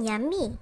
不黏腻